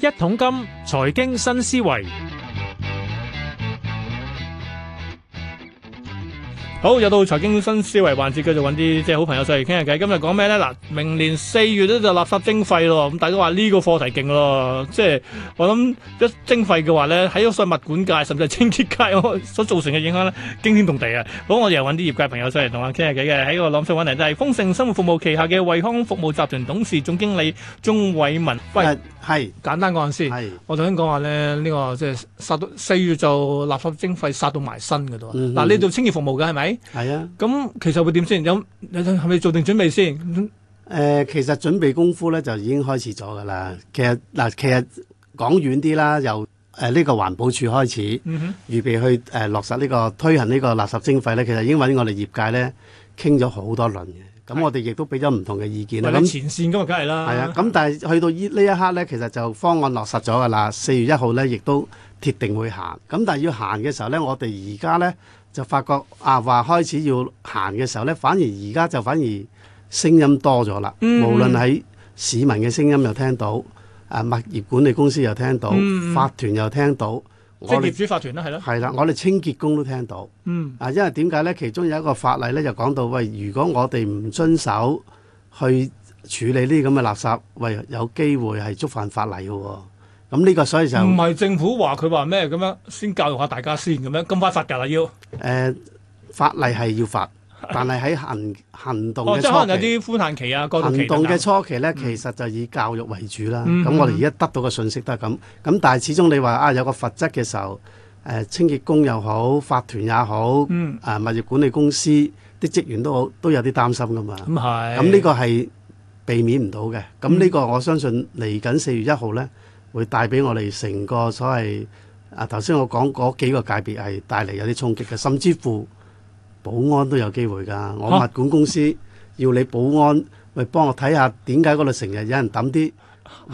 一桶金，財經新思維。好，又到財經新思維環節，繼續揾啲即係好朋友上嚟傾下偈。今日講咩咧？嗱，明年四月咧就垃圾徵費咯。咁大家話呢個課題勁咯，即係我諗一徵費嘅話咧，喺個稅物管界甚至係清潔界所造成嘅影響咧，驚天動地啊！好，我哋又揾啲業界朋友上嚟同我傾下偈嘅，喺個朗詩揾嚟就係豐盛生活服務旗下嘅惠康服務集團董事總經理鍾偉文。係是簡單講先，是我頭先講話咧，呢個即係殺到四月就垃圾徵費殺到埋身嘅度。嗱、嗯哼，呢度清潔服務嘅係咪？係啊。咁其實會點先？有係咪做定準備先？誒、嗯呃，其實準備功夫咧就已經開始咗㗎啦。其實嗱、呃，其實講遠啲啦，由誒呢、呃這個環保署開始，嗯、哼預備去誒、呃、落實呢、這個推行呢個垃圾徵費咧，其實已經揾我哋業界咧傾咗好多輪嘅。咁我哋亦都俾咗唔同嘅意見啦。咁，我哋前線咁啊，梗係啦。係啊，咁但係去到依呢一刻呢，其實就方案落實咗㗎啦。四月一號呢，亦都鐵定會行。咁但係要行嘅時候呢，我哋而家呢，就發覺啊，話開始要行嘅時候呢，反而而家就反而聲音多咗啦。嗯、無論喺市民嘅聲音又聽到，啊物業管理公司又聽到，嗯、法團又聽到。即業主法團啦，係咯，係啦，我哋清潔工都聽到，嗯，啊，因為點解咧？其中有一個法例咧，就講到喂，如果我哋唔遵守去處理呢啲咁嘅垃圾，喂，有機會係觸犯法例嘅，哦，咁呢個所以就唔係政府話佢話咩咁樣，先教育下大家先，咁樣，今晚發噶啦要，誒、呃，法例係要罰。但係喺行行動嘅初期，有啲寬限期啊，行動嘅初期呢，嗯、其實就以教育為主啦。咁、嗯、我哋而家得到嘅信息都係咁。咁、嗯、但係始終你話啊，有個罰則嘅時候，誒、啊，清潔工又好，法團也好，嗯、啊，物業管理公司啲職員都好，都有啲擔心噶嘛。咁呢、嗯、是、個係避免唔到嘅。咁呢個我相信嚟緊四月一號呢，會帶俾我哋成個所謂啊，頭先我講嗰幾個界別係帶嚟有啲衝擊嘅，甚至乎。保安都有機會㗎，我物管公司要你保安去、啊、幫我睇下點解嗰度成日有人抌啲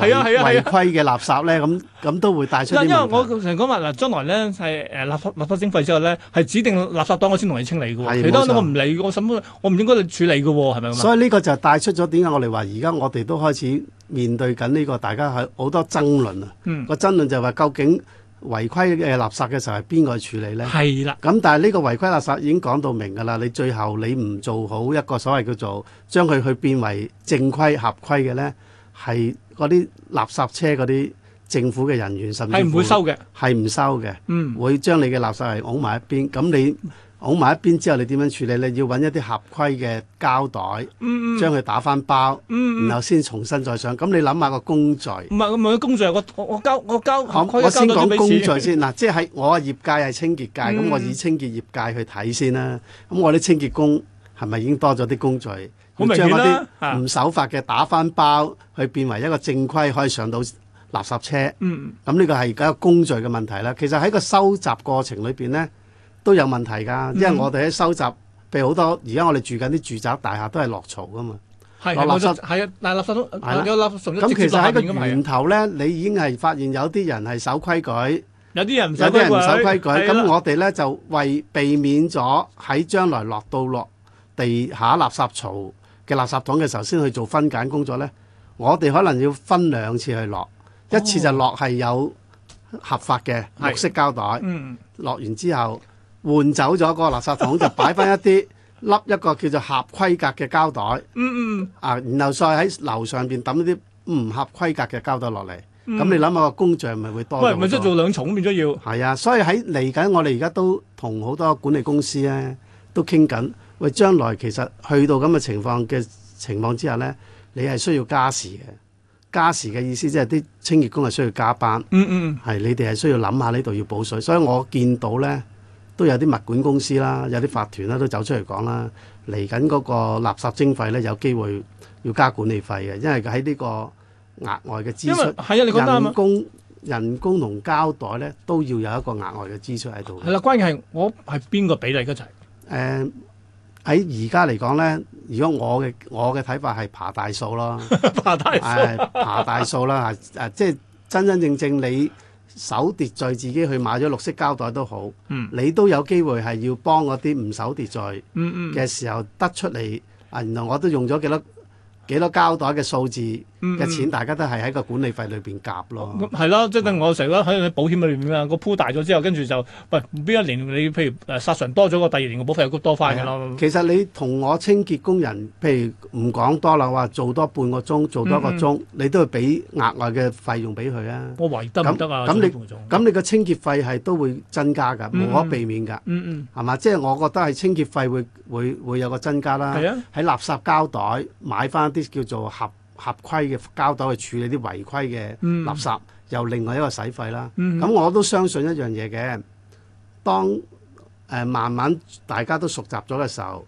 違、啊啊啊、違規嘅垃圾咧，咁咁都會帶出。唔係因為我成日講話嗱，將來咧係誒垃圾垃圾徵費之後咧，係指定垃圾袋我先同你清理嘅喎，是其他我唔理，錯我什我唔應該你處理嘅喎，係咪？所以呢個就係帶出咗點解我哋話而家我哋都開始面對緊呢、呢個大家係好多爭論啊！個、嗯、爭論就係話究竟。違規嘅垃圾嘅時候係邊個去處理呢？係啦的。咁但係呢個違規垃圾已經講到明㗎啦。你最後你唔做好一個所謂叫做將佢去變為正規合規嘅呢，係嗰啲垃圾車嗰啲政府嘅人員甚至係唔會收嘅，係唔收嘅。嗯，會將你嘅垃圾係拱埋一邊。咁你。㧬埋一邊之後，你點樣處理呢？你要揾一啲合規嘅膠袋，嗯、將佢打翻包，嗯嗯、然後先重新再上。咁你諗下個工序？唔係，唔係個工序係個我我交我交，我，交我，我先講工序先嗱。 即係我業界係清潔界，咁、嗯、我以清潔業界去睇先啦。咁我啲清潔工係咪已經多咗啲工序？好明顯啦、啊，將啲唔守法嘅打翻包，去變為一個正規可以上到垃圾車。咁呢個係而家工序嘅問題啦。其實喺個收集過程裏邊咧，都有問題㗎，因為我哋喺收集，譬如好多而家我哋住緊啲住宅大廈都係的落槽㗎嘛。係係的，係啊，垃的但垃圾都、啊，有個垃圾，咁其實喺一個源頭咧，的你已經係發現有啲人係守規矩，有啲人唔守規矩。咁的我哋咧就為避免咗喺將來落到落地下垃圾槽嘅垃圾桶嘅時候先去做分揀工作咧，我哋可能要分兩次去落，一次就落係有合法嘅綠色膠袋，落完之後。換走咗個垃圾桶，就擺翻一啲粒一個叫做合規格嘅膠袋。嗯嗯。啊，然後再喺樓上邊揼啲唔合規格嘅膠袋落嚟。咁你諗下個工序係咪會多咗？喂，係咪即係做兩重變咗要。係啊，所以喺嚟緊，我哋而家都同好多管理公司咧都傾緊。喂，將來其實去到咁嘅情況嘅情況之下咧，你係需要加時嘅。加時嘅意思即係啲清潔工係需要加班。嗯嗯。係你哋係需要諗下呢度要補水，所以我見到咧。都有啲物管公司啦，有啲法團啦，都走出嚟講啦。嚟緊嗰個垃圾徵費咧，有機會要加管理費嘅，因為喺呢個額外嘅支出，人工人工同膠袋咧都要有一個額外嘅支出喺度。係啦，關鍵係我係邊個俾你一齊？誒喺而家嚟講咧，如果我嘅我嘅睇法係爬大數咯，爬大數，爬大數啦！啊，即係真真正正你。守秩序自己去買咗綠色膠袋都好，嗯、你都有機會係要幫嗰啲唔守秩序嘅，嗯嗯、時候得出嚟，啊，原來我都用咗幾粒。幾多膠袋嘅數字嘅錢，大家都係喺個管理費裏邊夾咯。係咯，即係等我成日喺保險裏面啊，個鋪大咗之後，跟住就喂，係邊一年你譬如誒殺神多咗個，第二年嘅保費又多翻嘅咯。其實你同我清潔工人，譬如唔講多啦，話做多半個鐘，做多一個鐘，你都會俾額外嘅費用俾佢啊。我維得唔得啊？咁你個清潔費係都會增加㗎，無可避免㗎。嗯，係嘛？即係我覺得係清潔費會會會有個增加啦。係啊，喺垃圾膠袋買翻啲叫做合合規嘅膠袋去處理啲違規嘅垃圾，嗯、又另外一個使費啦。咁、嗯嗯、我都相信一樣嘢嘅，當誒、呃、慢慢大家都熟習咗嘅時候，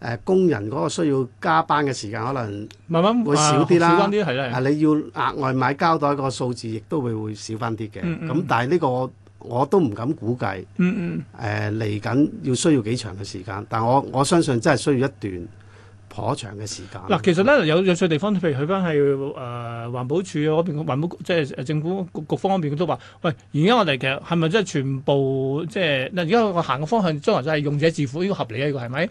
誒、呃、工人嗰個需要加班嘅時間可能慢慢會、啊、少啲啦。少啲係你要額外買膠袋個數字，亦都會會少翻啲嘅。咁、嗯嗯、但係呢個我，我都唔敢估計。嗯嗯。誒嚟緊要需要幾長嘅時間，但我我，我相信真係需要一段。可長嘅時間嗱，no? 其實咧，有有趣地方，譬如去翻係誒環保署嗰邊，環、呃、保局，即係政府局方嗰邊都話：喂，而家我哋其實係咪真係全部即係嗱？而家我行嘅方向，將來就係用者自負，呢個合理嘅，呢個係咪？咁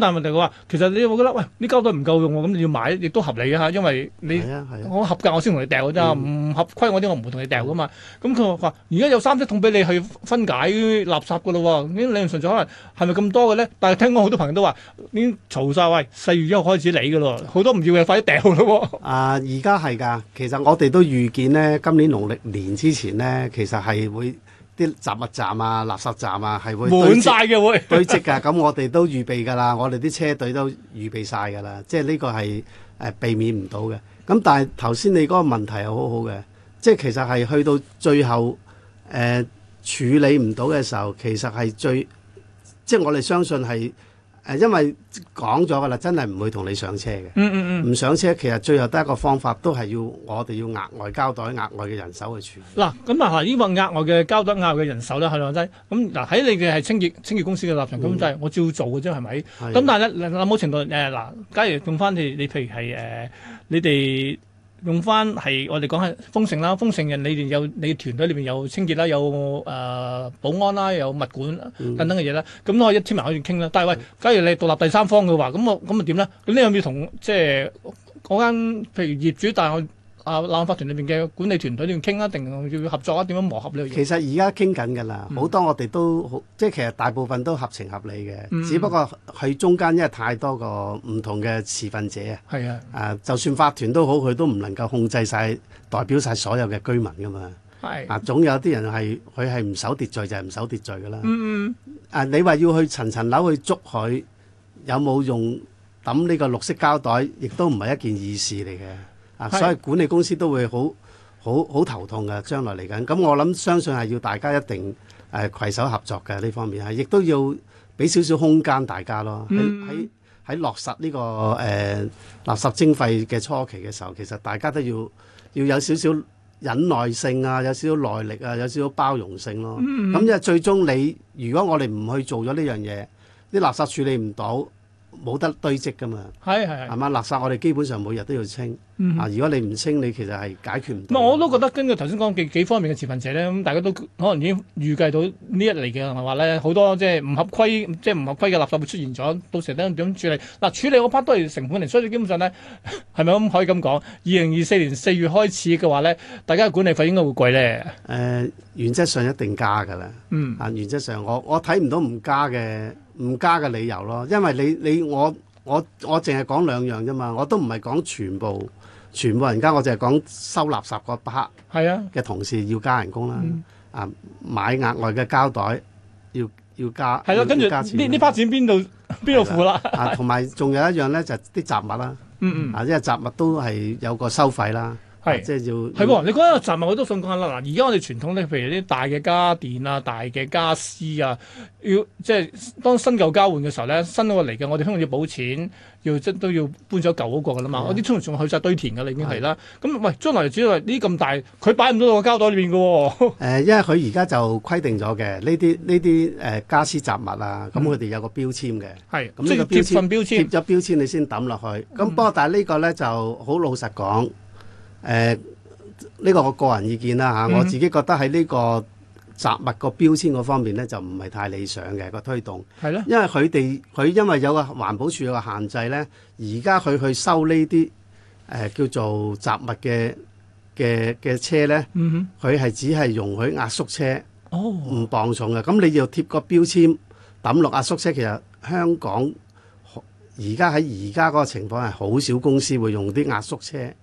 但係問題我話，其實你會覺得：喂，啲膠袋唔夠用喎，咁你要買亦都合理嘅嚇，因為你 right, 我合格我先同你掉㗎，唔、嗯、合規我啲我唔會同你掉㗎嘛。咁佢話：而家、嗯、有三隻桶俾你去分解垃圾㗎咯喎，你純粹可能係咪咁多嘅咧, 但係聽講好多朋友都話：啲嘈晒喂，而家開始理嘅咯，好多唔要嘅，快啲掉咯。啊，而家係噶，其實我哋都預見呢，今年農曆年之前呢，其實係會啲雜物站啊、垃圾站啊，係會滿晒嘅會堆積噶。咁 我哋都預備噶啦，我哋啲車隊都預備晒噶啦。即係呢個係誒、呃、避免唔到嘅。咁但係頭先你嗰個問題係好好嘅，即、就、係、是、其實係去到最後誒、呃、處理唔到嘅時候，其實係最即係、就是、我哋相信係。誒，因為講咗㗎啦，真係唔會同你上車嘅。嗯嗯嗯，唔上車，其實最後得一個方法，都係要我哋要額外交代額外嘅人手去處理。嗱，咁啊，呢、嗯、份、啊、額外嘅交代額外嘅人手咧，係喇，真係。咁、嗯、嗱，喺、啊、你嘅係清潔清潔公司嘅立場，咁、嗯、就係我照做嘅啫，係咪？咁的、嗯、但係咧，嗱某程度誒嗱，假、啊、如用翻你你譬如係誒、啊，你哋。用翻係我哋講係豐盛啦，豐盛人，你哋有你團隊裏邊有清潔啦，有誒、呃、保安啦，有物管等等嘅嘢啦。咁、嗯、都可以一千萬可以傾啦。但係喂，假如你獨立第三方嘅話，咁我咁咪點咧？咁你有冇要同即係嗰間譬如業主但我？啊！立法團裏面嘅管理團隊要傾一定要合作啊？點樣磨合呢樣嘢？其實而家傾緊㗎啦，好、嗯、多我哋都好，即係其實大部分都合情合理嘅。嗯、只不過佢中間，因為太多個唔同嘅持份者啊。係啊、嗯！啊，就算法團都好，佢都唔能夠控制晒，代表晒所有嘅居民㗎嘛。嗯、啊，總有啲人係佢係唔守秩序就係唔守秩序㗎啦。嗯嗯、啊，你話要去層層樓去捉佢，有冇用揼呢個綠色膠袋？亦都唔係一件易事嚟嘅。是所以管理公司都會好好好頭痛嘅，將來嚟緊。咁我諗相信係要大家一定誒攜手合作嘅呢方面啊，亦都要俾少少空間大家咯。喺喺喺落實呢個誒垃圾徵費嘅初期嘅時候，其實大家都要要有少少忍耐性啊，有少少耐力啊，有少少包容性咯。咁因為最終你如果我哋唔去做咗呢樣嘢，啲垃圾處理唔到，冇得堆積噶嘛，係係係，嘛垃圾，我哋基本上每日都要清。嗯、哼啊，如果你唔清，你其實係解決唔到、嗯。我都覺得，根據頭先講幾幾方面嘅持份者咧，咁、嗯、大家都可能已經預計到呢一嚟嘅話咧，好、就是、多即係唔合規，即係唔合規嘅垃圾會出現咗，到時咧點處理？嗱、啊，處理嗰 part 都係成本嚟，所以基本上咧，係咪咁可以咁講？二零二四年四月開始嘅話咧，大家嘅管理費應該會貴咧。誒、呃，原則上一定加噶啦。嗯、啊，原則上我，我我睇唔到唔加嘅。唔加嘅理由咯，因為你你我我我淨係講兩樣啫嘛，我都唔係講全部全部人加，我淨係講收垃圾個 part，嘅同事要加人工啦，啊，啊買額外嘅膠袋要要加，係咯、啊，要跟住呢呢筆錢邊度邊度付啦？同埋仲有一樣呢，就啲、係、雜物啦、嗯嗯啊，因為雜物都係有個收費啦。係，即係要係你講啲雜物我都想講下啦。嗱，而家我哋傳統咧，譬如啲大嘅家電啊、大嘅家俬啊，要即係當新舊交換嘅時候咧，新嗰嚟嘅，我哋香港要補錢，要即都要搬咗舊嗰個噶啦嘛。我啲通常去曬堆田噶啦，已經係啦。咁喂，將來主要係呢咁大，佢擺唔到個膠袋裏邊噶喎。因為佢而家就規定咗嘅呢啲呢啲誒家俬雜物啊，咁佢哋有個標籤嘅。係，即係個標籤標籤，貼咗標籤你先抌落去。咁不過，但係呢個咧就好老實講。誒呢、呃呢個我個人意見啦嚇，啊嗯、哼我自己覺得喺呢個雜物個標籤嗰方面呢，就唔係太理想嘅、呢個推動。的因為佢哋佢因為有個環保署有個限制呢，而家佢去收呢啲誒叫做雜物嘅嘅嘅車呢，佢係、嗯、哼只係容許壓縮車，唔、哦、磅重嘅。咁你要貼個標籤抌落壓縮車，其實香港而家喺而家嗰個情況係好少公司會用啲壓縮車。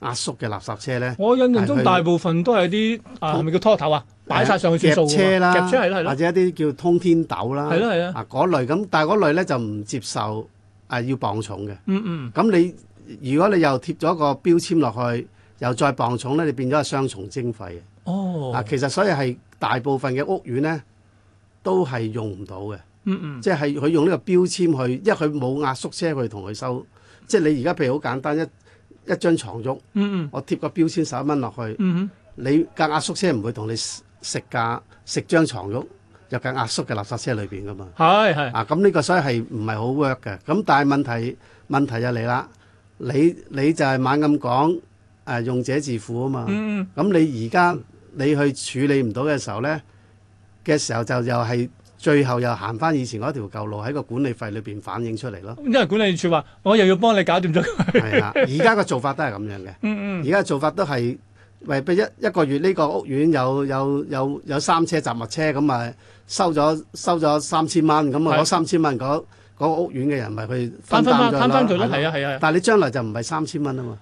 壓縮嘅垃圾車咧，我、哦、印象中、啊、大部分都係啲啊，係咪、啊、叫拖頭啊？擺晒上去算數嘅啦，車係或者一啲叫通天斗啦，係咯嗰類咁，但係嗰類咧就唔接受啊，要磅重嘅。嗯咁、嗯、你如果你又貼咗個標籤落去，又再磅重咧，你變咗係雙重徵費嘅。哦。嗱、啊，其實所以係大部分嘅屋苑咧，都係用唔到嘅。嗯嗯即係佢用呢個標籤去，因為佢冇壓縮車去同佢收，即係你而家譬如好簡單一，一張床褥，嗯嗯我貼個標籤十一蚊落去，嗯嗯你架壓縮車唔會同你食架食張床褥，入架壓縮嘅垃圾車裏邊噶嘛？係係是啊，咁、嗯、呢、嗯、個所以係唔係好 work 嘅？咁但係問題問題就嚟啦，你你就係猛咁講誒，用者自負啊嘛。咁你而家你去處理唔到嘅時候咧，嘅時候就又係。最後又行翻以前嗰條舊路，喺個管理費裏邊反映出嚟咯。因為管理處話，我又要幫你搞掂咗。係啊，而家個做法都係咁樣嘅。嗯嗯。而家嘅做法都係為俾一一個月呢個屋苑有有有有三車雜物車咁啊，收咗收咗三千蚊咁啊，攞三千蚊嗰個屋苑嘅人咪去分擔咗翻佢啦，係啊係啊。但係你將來就唔係三千蚊啊嘛。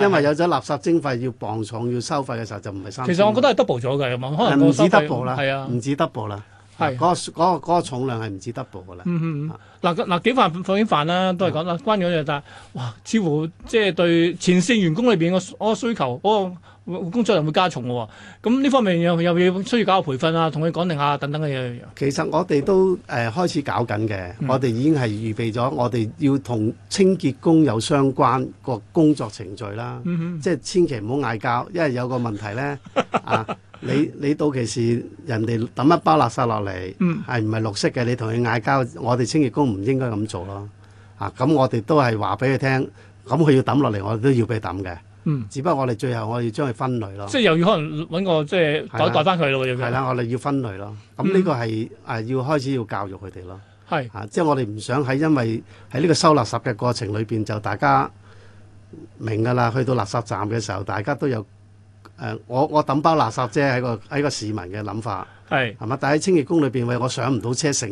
因為有咗垃圾徵費要磅重要收費嘅時候就唔係三千。其實我覺得係 double 咗嘅，咁啊，可能唔止 double 啦。係啊，唔止 double 啦。係，嗰個嗰重量係唔止 double 嘅啦。嗯嗯嗯，嗱嗱、啊、幾煩，放啲煩啦，都係講啦，關咗嘢但係，哇，似乎即係對前線員工裏邊個個需求，嗰、嗰個、工作量會加重喎。咁、啊、呢方面又又要需要搞下培訓啊，同佢講定下等等嘅嘢。其實我哋都誒、呃、開始搞緊嘅、嗯，我哋已經係預備咗，我哋要同清潔工有相關個工作程序啦。嗯嗯、即係千祈唔好嗌交，因為有個問題咧啊。 你你到期時人哋抌一包垃圾落嚟，係唔係綠色嘅？你同佢嗌交，我哋清潔工唔應該咁做咯。嚇、啊，咁我哋都係話俾佢聽，咁佢要抌落嚟，我哋都要俾佢抌嘅。嗯、只不過我哋最後我要將佢分類咯。即係又要可能揾個即係袋翻佢咯，應該。係啦、啊，我哋、啊、要分類咯。咁呢個係誒、嗯啊、要開始要教育佢哋咯。係是、啊。即係我哋唔想喺因為喺呢個收垃圾嘅過程裏邊，就大家明㗎啦。去到垃圾站嘅時，時候，大家都有。誒、uh，我我抌包垃圾啫，喺個喺個市民嘅諗法。係，係嘛？但喺清潔工裏邊，為我上唔到車，成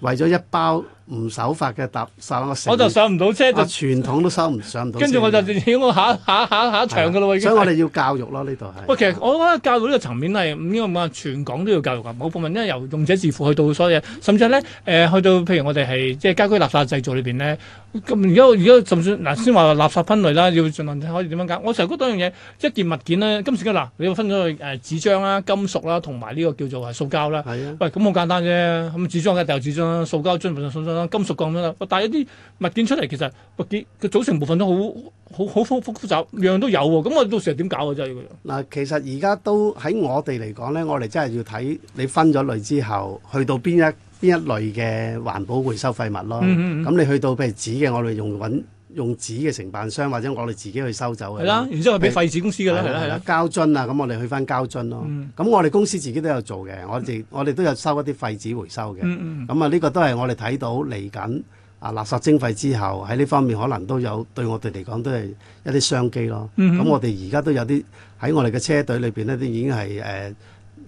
為咗一包唔守法嘅搭曬我。就上唔到車，就、啊、傳統都收唔上唔到。跟住 我就要我下下下下，下場噶啦喎，所以我哋要教育咯呢度係。其實、okay, 我覺得教育呢個層面係唔應該話，全港都要教育噶，某部分，因為由用者自負去到所有，嘢，甚至咧誒、呃，去到譬如我哋係即係家居垃圾製造裏邊咧咁。而家而家就算嗱，先話垃圾分類啦，要儘量可以點樣搞？我成日覺得一樣嘢一件物件咧，今時今日，嗱，你要分咗去誒紙張啦、金屬啦，同埋呢個叫做塑膠啦，喂是、啊嗯，咁好簡單啫，咁紙張嘅，係掉紙張啦，塑膠樽塑膠啦，金屬鋼乜啦，但係一啲物件出嚟，其實件個組成部分都好好好複複雜，樣樣都有喎，咁我到時點搞啊？真係嗱，其實而家都喺我哋嚟講咧，我哋真係要睇你分咗類之後，去到邊一邊一類嘅環保回收廢物咯。咁、嗯嗯嗯、你去到譬如紙嘅，我哋用揾。用紙嘅承辦商或者我哋自己去收走嘅，係啦，然之後俾廢紙公司嘅，係啦，係啦，的膠樽啊，咁、嗯、我哋去翻膠樽咯。咁我哋公司自己都有做嘅、嗯，我哋我哋都有收一啲廢紙回收嘅。咁啊、嗯，呢、嗯、個都係我哋睇到嚟緊啊，垃圾徵費之後喺呢方面可能都有對我哋嚟講都係一啲商機咯。咁、嗯嗯、我哋而家都有啲喺我哋嘅車隊裏邊呢都已經係誒。呃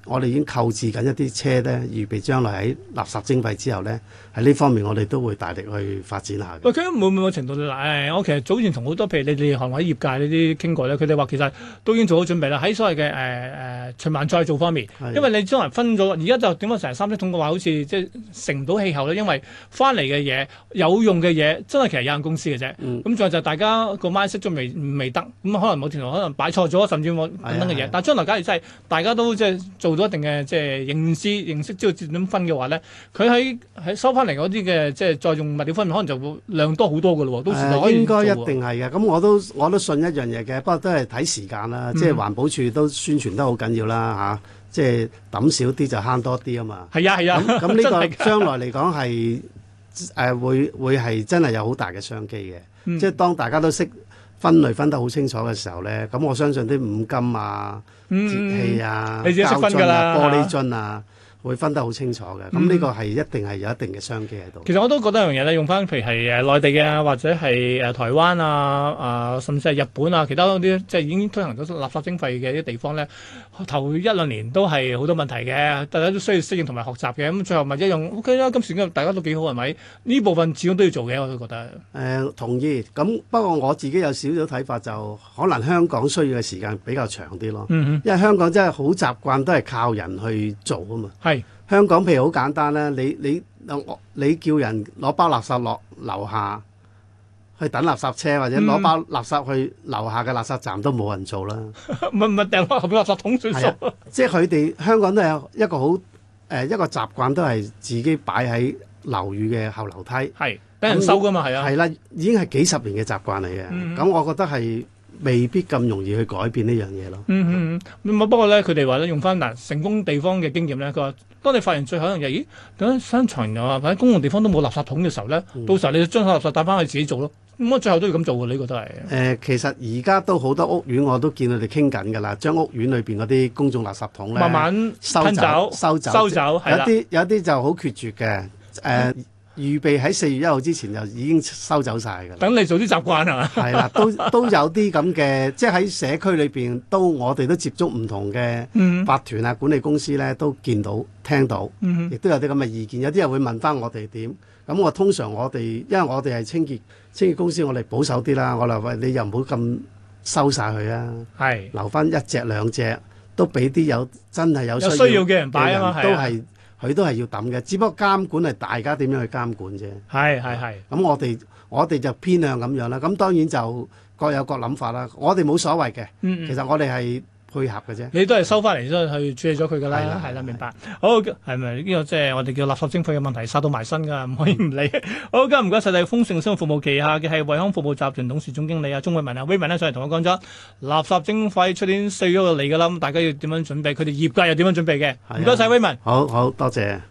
我哋已經購置緊一啲車咧，預備將來喺垃圾徵費之後咧，喺呢方面我哋都會大力去發展下嘅。佢其實冇冇程度咧。誒、哎，我其實早前同好多譬如你哋行喺業界呢啲傾過咧，佢哋話其實都已經做好準備啦。喺所謂嘅誒誒循環再造方面，因為你將來分咗，而家就點解成日三色桶嘅話，好似即係成唔到氣候咧。因為翻嚟嘅嘢有用嘅嘢，真係其實有限公司嘅啫。咁再、嗯、就大家個 mindset 仲未未得，咁可能某程度，可能擺錯咗，甚至我等等嘅嘢。但係將來假如真係大家都即係做。做咗一定嘅即係認知、認識之後，接點分嘅話咧，佢喺喺收翻嚟嗰啲嘅即係再用物料分，可能就會量多好多噶咯。呃、都應該一定係嘅。咁我都我都信一樣嘢嘅，不過都係睇時間啦。嗯、即係環保署都宣傳得好緊要啦嚇、啊。即係抌少啲就慳多啲啊嘛。係啊係啊。咁呢、啊啊、個將來嚟講係誒、 啊、會會係真係有好大嘅商機嘅。嗯、即係當大家都識。分類分得好清楚嘅時候咧，咁我相信啲五金啊、節、嗯、氣啊、膠樽啊、玻璃樽啊。會分得好清楚嘅，咁呢、嗯、個係一定係有一定嘅商機喺度。其實我都覺得一樣嘢咧，用翻譬如係誒內地嘅，或者係誒台灣啊、啊甚至係日本啊，其他嗰啲即係已經推行咗垃圾徵費嘅啲地方咧，頭一兩年都係好多問題嘅，大家都需要適應同埋學習嘅。咁、嗯、最後咪一樣 O K 啦，今時今日大家都幾好係咪？呢部分始終都要做嘅，我都覺得。誒、呃、同意。咁不過我自己有少少睇法，就可能香港需要嘅時間比較長啲咯。嗯嗯。因為香港真係好習慣都係靠人去做啊嘛。香港譬如好簡單啦，你你你叫人攞包垃圾落樓下去等垃圾車，或者攞包垃圾去樓下嘅垃圾站都冇人做啦。唔係唔係掟落垃圾桶最熟、啊。即係佢哋香港都有一個好誒、呃、一個習慣，都係自己擺喺樓宇嘅後樓梯。係俾人收㗎嘛係我啊。係啦、啊，已經係幾十年嘅習慣嚟嘅。咁、嗯、我覺得係。未必咁容易去改變、嗯、呢樣嘢咯。嗯嗯不過咧，佢哋話咧用翻嗱成功地方嘅經驗咧，佢話：當你發現最後一樣就咦，咁商場呀或者公共地方都冇垃圾桶嘅時候咧，嗯、到時候你就將垃圾帶翻去自己做咯。咁啊最後都要咁做嘅呢個都係。誒、呃，其實而家都好多屋苑我都見佢哋傾緊㗎啦，將屋苑裏邊嗰啲公眾垃圾桶咧慢慢收走，收走，慢慢走收走。有啲了有啲就好決絕嘅，誒、呃。 預備喺四月一號之前就已經收走晒㗎喇。等你早啲習慣啊嘛。係 啦，都都有啲咁嘅，即係喺社區裏邊，都我哋都接觸唔同嘅法團啊、嗯、管理公司呢，都見到聽到，亦、嗯嗯、都有啲咁嘅意見。有啲人會問翻我哋點，咁、嗯、我通常我哋，因為我哋係清潔清潔公司，我哋保守啲啦，我哋話你又唔好咁收晒佢啊，是留翻一隻兩隻，都俾啲有真係有需要嘅人擺、啊、都係。佢都係要揼嘅，只不過監管係大家點樣去監管啫。係係係。咁我哋我哋就偏向咁樣啦。咁當然就各有各諗法啦。我哋冇所謂嘅。其實我哋係配合嘅啫，你都係收翻嚟，然之後去處理咗佢噶啦。係啦，係啦，明白。好，係咪呢個即係我哋叫垃圾徵費嘅問題，殺到埋身噶，唔可以唔理。好，今日唔該晒你，豐盛生活服務旗下嘅係惠康服務集團董事總經理啊，鍾偉文啊，偉文咧上嚟同我講咗垃圾徵費出年四月度嚟噶啦，咁大家要點樣準備？佢哋業界又點樣準備嘅？唔該曬偉文。好好，多謝。